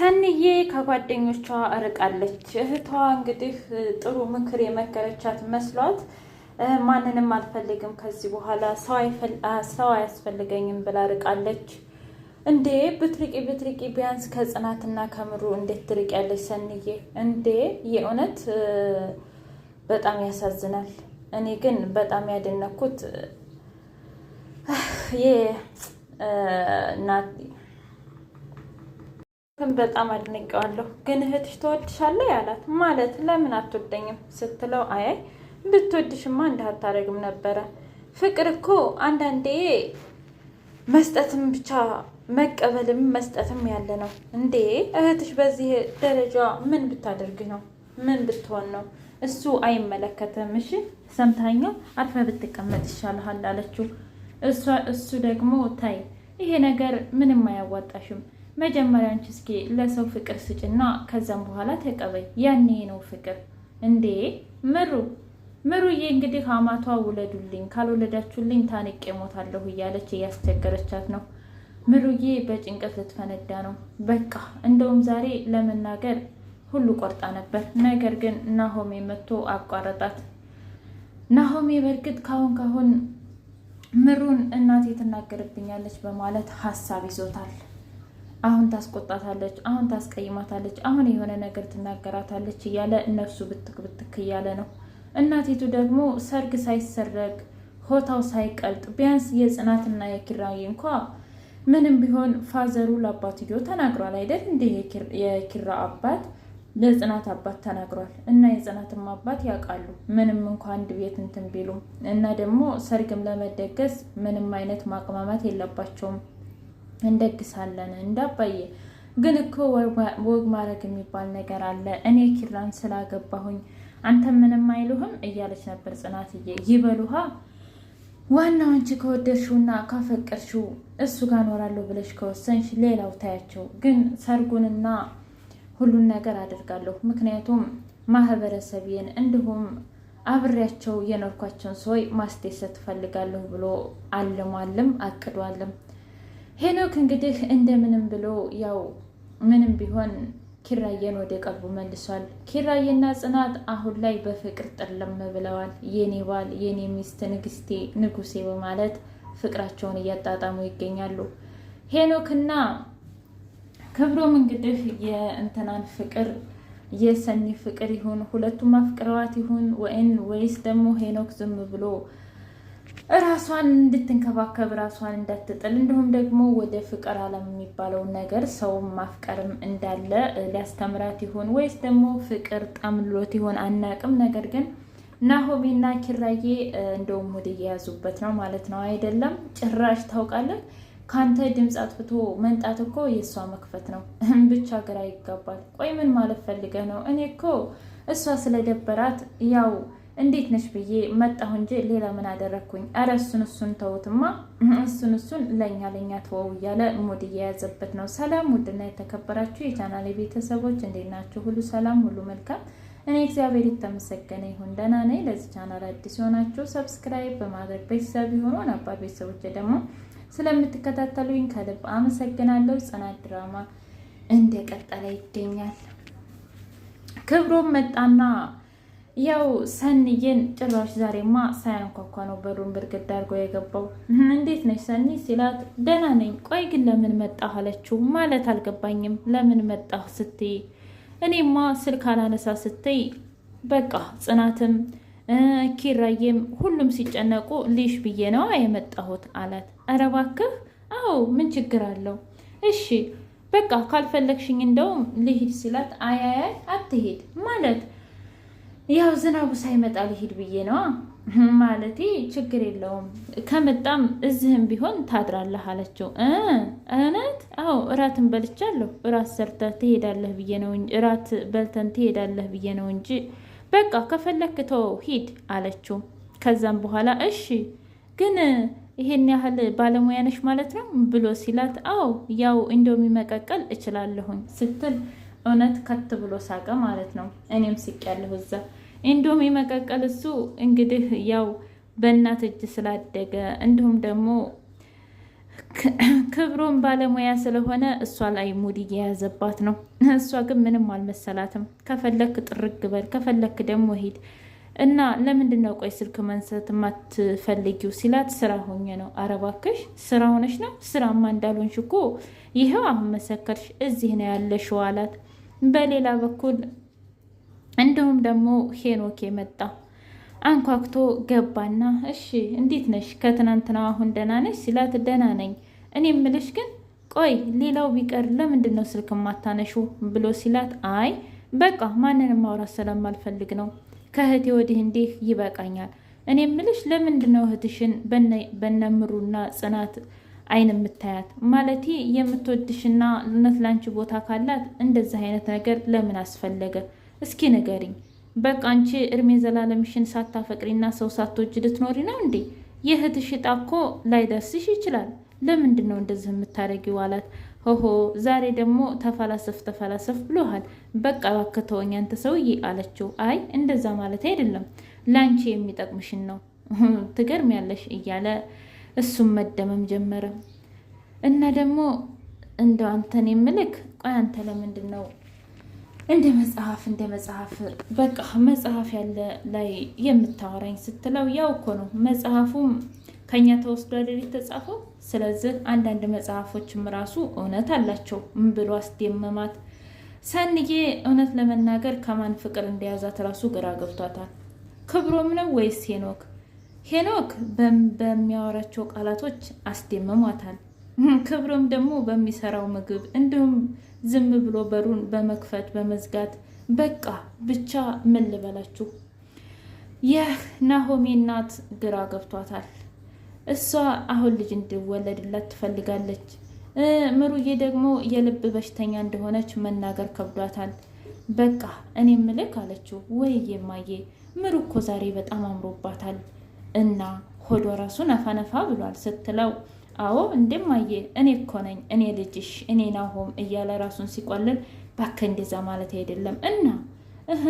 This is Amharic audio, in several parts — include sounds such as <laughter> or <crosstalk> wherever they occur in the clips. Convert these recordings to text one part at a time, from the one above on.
ሰንዬ ከጓደኞቿ እርቃለች። እህቷ እንግዲህ ጥሩ ምክር የመከረቻት መስሏት ማንንም አልፈልግም ከዚህ በኋላ ሰው አያስፈልገኝም ብላ ርቃለች። እንዴ ብትርቂ ብትርቂ ቢያንስ ከጽናትና ከምሩ እንዴት ትርቅ ያለች ሰንዬ? እንዴ የእውነት በጣም ያሳዝናል። እኔ ግን በጣም ያደነኩት ግን በጣም አድንቀዋለሁ። ግን እህትሽ ትወድሻለች ያላት ማለት ለምን አትወደኝም ስትለው አያይ ብትወድሽማ እንዳታደርግም ነበረ። ፍቅር እኮ አንዳንዴ መስጠትም ብቻ መቀበልም መስጠትም ያለ ነው እንዴ። እህትሽ በዚህ ደረጃ ምን ብታደርግ ነው? ምን ብትሆን ነው? እሱ አይመለከትም። እሺ ሰምታኛው አርፈ ብትቀመጥ ይሻልሃል አለችው። እሱ ደግሞ ታይ፣ ይሄ ነገር ምንም አያዋጣሽም መጀመሪያ አንቺ እስኪ ለሰው ፍቅር ስጭና ከዛም በኋላ ተቀበይ። ያኔ ነው ፍቅር እንዴ። ምሩ ምሩዬ እንግዲህ አማቷ ውለዱልኝ፣ ካልወለዳችሁልኝ ታንቄ ሞታለሁ እያለች እያስቸገረቻት ነው። ምሩዬ በጭንቀት ልትፈነዳ ነው። በቃ እንደውም ዛሬ ለመናገር ሁሉ ቆርጣ ነበር። ነገር ግን ናሆሜ መጥቶ አቋረጣት። ናሆሜ በእርግጥ ካሁን ካሁን ምሩን እናቴ ትናገርብኛለች በማለት ሀሳብ ይዞታል። አሁን ታስቆጣታለች፣ አሁን ታስቀይማታለች፣ አሁን የሆነ ነገር ትናገራታለች እያለ እነሱ ብትክ ብትክ እያለ ነው። እናቲቱ ደግሞ ሰርግ ሳይሰረግ ሆታው ሳይቀልጥ ቢያንስ የጽናትና የኪራይ እንኳ ምንም ቢሆን ፋዘሩ ለአባትዮ ተናግሯል አይደል? እንዲህ የኪራ አባት ለጽናት አባት ተናግሯል እና የጽናትም አባት ያውቃሉ። ምንም እንኳ አንድ ቤት እንትን ቢሉም እና ደግሞ ሰርግም ለመደገስ ምንም አይነት ማቅማማት የለባቸውም። እንደግሳለን እንዳባየ። ግን እኮ ወግ ማድረግ የሚባል ነገር አለ። እኔ ኪራን ስላገባሁኝ አንተ ምንም አይሉህም እያለች ነበር ጽናትዬ። ይበሉሃ ዋናው አንቺ ከወደድሽውና ካፈቀድሽው እሱ ጋር እኖራለሁ ብለሽ ከወሰንሽ ሌላው ታያቸው። ግን ሰርጉንና ሁሉን ነገር አደርጋለሁ። ምክንያቱም ማህበረሰብን እንዲሁም አብሬያቸው የኖርኳቸውን ሰዎች ማስደሰት እፈልጋለሁ ብሎ አልሟልም አቅዷልም። ሄኖክ እንግዲህ እንደምንም ብሎ ያው ምንም ቢሆን ኪራየን ወደ ቀልቡ መልሷል። ኪራየና ጽናት አሁን ላይ በፍቅር ጥልም ብለዋል። የኔ ባል፣ የኔ ሚስት፣ ንግስቴ፣ ንጉሴ በማለት ፍቅራቸውን እያጣጣሙ ይገኛሉ። ሄኖክና ክብሮም እንግዲህ የእንትናን ፍቅር የሰኒ ፍቅር ይሁን ሁለቱም አፍቅረዋት ይሁን ወይን ወይስ ደግሞ ሄኖክ ዝም ብሎ ራሷን እንድትንከባከብ ራሷን እንዳትጥል እንዲሁም ደግሞ ወደ ፍቅር አለም የሚባለው ነገር ሰው ማፍቀርም እንዳለ ሊያስተምራት ይሆን ወይስ ደግሞ ፍቅር ጠምሎት ይሆን አናቅም። ነገር ግን ናሆሜና ኪራዬ እንደውም ወደ እየያዙበት ነው ማለት ነው። አይደለም ጭራሽ ታውቃለን። ከአንተ ድምፅ አጥፍቶ መንጣት እኮ የእሷ መክፈት ነው። <laughs> ብቻ ግራ ይጋባል። ቆይ ምን ማለት ፈልገህ ነው? እኔ እኮ እሷ ስለደበራት ያው እንዴት ነሽ ብዬ መጣሁ እንጂ ሌላ ምን አደረግኩኝ? አረ እሱን እሱን ተውትማ፣ <clears throat> እሱን እሱን ለእኛ ለእኛ ተወው እያለ ሙድ እየያዘበት ነው። ሰላም ውድና የተከበራችሁ የቻናሌ ቤተሰቦች እንዴት ናችሁ? ሁሉ ሰላም፣ ሁሉ መልካም። እኔ እግዚአብሔር የተመሰገነ ይሁን ደህና ነኝ። ለዚህ ቻናል አዲስ የሆናችሁ ሰብስክራይብ በማድረግ ቤተሰብ የሆኑ ነባር ቤተሰቦች ደግሞ ስለምትከታተሉኝ ከልብ አመሰግናለሁ። ጽናት ድራማ እንደቀጠለ ይገኛል። ክብሮም መጣና ያው ሰኒዬን ጭራሽ ዛሬማ ሳያንኳኳ ነው በሩን ብርግድ አድርጎ የገባው። እንዴት ነሽ ሰኒ ሲላት ደህና ነኝ፣ ቆይ ግን ለምን መጣህ አለችው። ማለት አልገባኝም፣ ለምን መጣህ ስትይ እኔማ ስልክ አላነሳ ስትይ በቃ ጽናትም ኪራዬም ሁሉም ሲጨነቁ ልሽ ብዬ ነዋ የመጣሁት አላት። ኧረ እባክህ አዎ፣ ምን ችግር አለው? እሺ በቃ ካልፈለግሽኝ እንደውም ልሂድ ሲላት አያያይ አትሄድ ማለት ያው ዝናቡ ሳይመጣ ልሂድ ብዬ ነዋ። ማለት ችግር የለውም ከመጣም እዚህም ቢሆን ታድራለህ አለችው። እውነት? አዎ እራትን በልቻለሁ። እራት ሰርተህ ትሄዳለህ ብዬ ነው እራት በልተን ትሄዳለህ ብዬ ነው እንጂ በቃ ከፈለክ ተው ሂድ አለችው። ከዛም በኋላ እሺ ግን ይሄን ያህል ባለሙያ ነሽ ማለት ነው ብሎ ሲላት፣ አዎ ያው እንዶሚ መቀቀል እችላለሁኝ ስትል እውነት ከት ብሎ ሳቀ ማለት ነው። እኔም ስቅ ያለሁ እዛ ኢንዶሚ የመቀቀል እሱ እንግዲህ ያው በእናት እጅ ስላደገ እንዲሁም ደግሞ ክብሩን ባለሙያ ስለሆነ እሷ ላይ ሙድ እየያዘባት ነው። እሷ ግን ምንም አልመሰላትም። ከፈለክ ጥርግ በል፣ ከፈለክ ደግሞ ሂድ እና ለምንድን ነው ቆይ ስልክ መንሰት የማትፈልጊው ሲላት፣ ስራ ሆኜ ነው። ኧረ እባክሽ ስራ ሆነሽ ነው? ስራማ እንዳልሆንሽ እኮ ይኸው አሁን መሰከርሽ። እዚህ ነው ያለሽው አላት። በሌላ በኩል እንዲሁም ደግሞ ሄኖክ የመጣ አንኳኩቶ ገባና እሺ እንዴት ነሽ? ከትናንትና አሁን ደህና ነሽ ሲላት ደህና ነኝ። እኔ ምልሽ ግን ቆይ ሌላው ቢቀር ለምንድን ነው ስልክ ማታነሹ ብሎ ሲላት አይ በቃ ማንንም ማውራት ስለማልፈልግ ነው። ከእህቴ ወዲህ እንዲህ ይበቃኛል። እኔ ምልሽ ለምንድን ነው እህትሽን በነምሩና ጽናት አይን የምታያት? ማለቴ የምትወድሽና እውነት ላንቺ ቦታ ካላት እንደዚህ አይነት ነገር ለምን አስፈለገ? እስኪ ንገሪኝ፣ በቃ አንቺ እድሜ ዘላለምሽን ሳታፈቅሪና ሰው ሳትወጅ ልትኖሪ ነው እንዴ? የእህትሽ ዕጣ እኮ ላይደርስሽ ይችላል። ለምንድን ነው እንደዚህ የምታደርጊው? አላት። ሆሆ ዛሬ ደግሞ ተፈላሰፍ ተፈላሰፍ ብሎሃል። በቃ እባክህ ተወኝ አንተ ሰውዬ አለችው። አይ እንደዛ ማለት አይደለም፣ ለአንቺ የሚጠቅምሽን ነው። ትገርሚያለሽ እያለ እሱም መደመም ጀመረ። እና ደግሞ እንደ አንተን የምልክ ቆይ አንተ ለምንድን ነው እንደ መጽሐፍ እንደ መጽሐፍ በቃ መጽሐፍ ያለ ላይ የምታወራኝ ስትለው ያው እኮ ነው መጽሐፉም ከኛ ተወስዶ አይደል የተጻፈው። ስለዚህ አንዳንድ መጽሐፎችም ራሱ እውነት አላቸው ብሎ አስደመማት። ሰንዬ እውነት ለመናገር ከማን ፍቅር እንደያዛት ራሱ ግራ ገብቷታል። ክብሮም ነው ወይስ ሄኖክ? ሄኖክ በሚያወራቸው ቃላቶች አስደምሟታል። ክብሩም ደግሞ በሚሰራው ምግብ እንዲሁም ዝም ብሎ በሩን በመክፈት በመዝጋት በቃ ብቻ ምን ልበላችሁ፣ ናሆሜ እናት ግራ ገብቷታል። እሷ አሁን ልጅ እንዲወለድላት ትፈልጋለች። ምሩዬ ደግሞ የልብ በሽተኛ እንደሆነች መናገር ከብዷታል። በቃ እኔ ምልክ አለችው። ወይ የማዬ ምሩ እኮ ዛሬ በጣም አምሮባታል እና ሆዷ ራሱ ነፋነፋ ብሏል ስትለው አዎ እንደማየ እኔ እኮ ነኝ እኔ ልጅሽ እኔ ናሆም እያለ ራሱን ሲቆልል፣ ባከ እንደዛ ማለት አይደለም እና እህ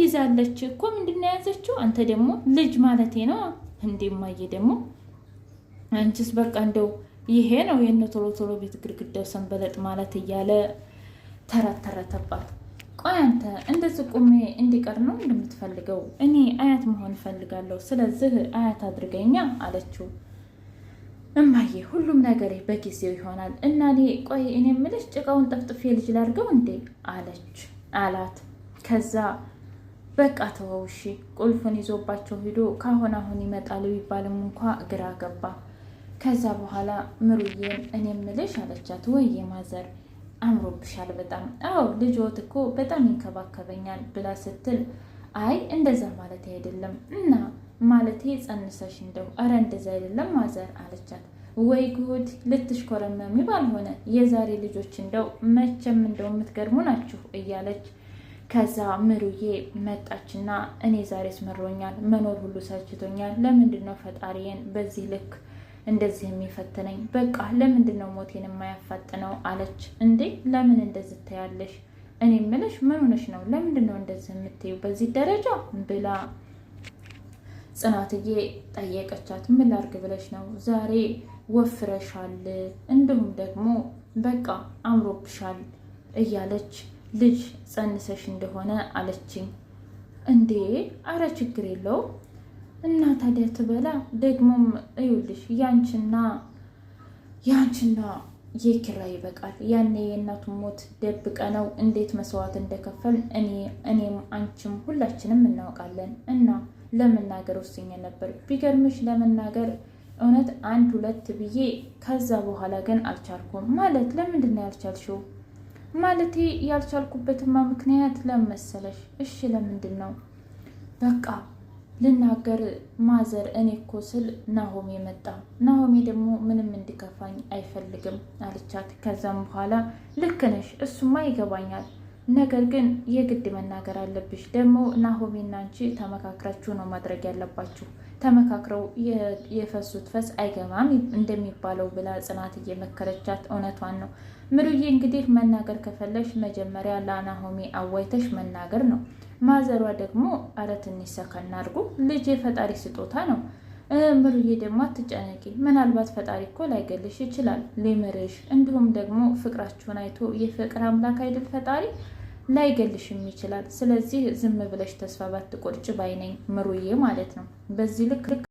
ይዛለች እኮ ምንድን የያዘችው? አንተ ደግሞ ልጅ ማለቴ ነው። እንደማየ ደግሞ አንቺስ በቃ እንደው ይሄ ነው የነ ቶሎ ቶሎ ቤት ግድግዳው ሰንበለጥ ማለት እያለ ተረተረተባት። ቆይ አንተ እንደዚህ ቁሜ እንዲቀር ነው እንደምትፈልገው? እኔ አያት መሆን እፈልጋለሁ። ስለዚህ አያት አድርገኛ አለችው። እማዬ ሁሉም ነገር በጊዜው ይሆናል እና እኔ ቆይ እኔ የምልሽ ጭቃውን ጠፍጥፌ ልጅ ላድርገው እንዴ አለች አላት። ከዛ በቃ ተወው እሺ ቁልፉን ይዞባቸው ሂዶ ካሁን አሁን ይመጣል ቢባልም እንኳ ግራ ገባ። ከዛ በኋላ ምሩዬን እኔ የምልሽ አለቻት። ወይዬ ማዘር አምሮብሻል በጣም አዎ ልጅዎት እኮ በጣም ይንከባከበኛል ብላ ስትል አይ እንደዛ ማለት አይደለም እና ማለት ጸንሰሽ እንደው እረ እንደዛ አይደለም ማዘር አለቻት። ወይ ጉድ ልትሽኮረመሚ ባልሆነ የዛሬ ልጆች እንደው መቼም እንደው የምትገርሙ ናችሁ እያለች ከዛ ምሩዬ መጣችና እኔ ዛሬ ስመሮኛል፣ መኖር ሁሉ ሰልችቶኛል። ለምንድን ነው ፈጣሪዬን በዚህ ልክ እንደዚህ የሚፈትነኝ? በቃ ለምንድን ነው ሞቴን የማያፋጥነው አለች። እንዴ ለምን እንደዚህ ታያለሽ? እኔ ምልሽ ምን ነው? ለምንድን ነው እንደዚህ የምትዩ በዚህ ደረጃ ብላ ጽናትዬ ጠየቀቻት። ምን ላርግ ብለሽ ነው ዛሬ ወፍረሻል፣ እንዲሁም ደግሞ በቃ አምሮብሻል እያለች ልጅ ጸንሰሽ እንደሆነ አለችኝ። እንዴ አረ ችግር የለው እና ታዲያ ትበላ። ደግሞም እዩልሽ ያንቺና ያንቺና የኪራ ይበቃል። ያኔ የእናቱ ሞት ደብቀ ነው እንዴት መስዋዕት እንደከፈል እኔም አንቺም ሁላችንም እናውቃለን እና ለመናገር ወስኜ ነበር። ቢገርምሽ ለመናገር እውነት አንድ ሁለት ብዬ ከዛ በኋላ ግን አልቻልኩም። ማለት ለምንድን ነው ያልቻልሽው? ማለቴ ያልቻልኩበትማ ምክንያት ለመሰለሽ? እሺ ለምንድን ነው? በቃ ልናገር ማዘር፣ እኔ እኮ ስል ናሆሜ መጣ። ናሆሜ ደግሞ ምንም እንዲከፋኝ አይፈልግም አለቻት። ከዛም በኋላ ልክ ነሽ፣ እሱማ ይገባኛል ነገር ግን የግድ መናገር አለብሽ። ደግሞ ናሆሜና አንቺ ተመካክራችሁ ነው ማድረግ ያለባችሁ። ተመካክረው የፈሱት ፈስ አይገባም እንደሚባለው ብላ ጽናት እየመከረቻት እውነቷን ነው። ምሩዬ እንግዲህ መናገር ከፈለሽ መጀመሪያ ለናሆሜ አዋይተሽ መናገር ነው። ማዘሯ ደግሞ አረ ትንሽ ሰከን አድርጉ፣ ልጅ የፈጣሪ ስጦታ ነው። ምሩዬ ደግሞ አትጨነቂ፣ ምናልባት ፈጣሪ እኮ ላይገልሽ ይችላል፣ ሊምርሽ እንዲሁም ደግሞ ፍቅራችሁን አይቶ የፍቅር አምላክ አይደል ፈጣሪ ላይገልሽም ይችላል። ስለዚህ ዝም ብለሽ ተስፋ ባትቆርጭ ባይነኝ ምሩዬ ማለት ነው በዚህ ልክ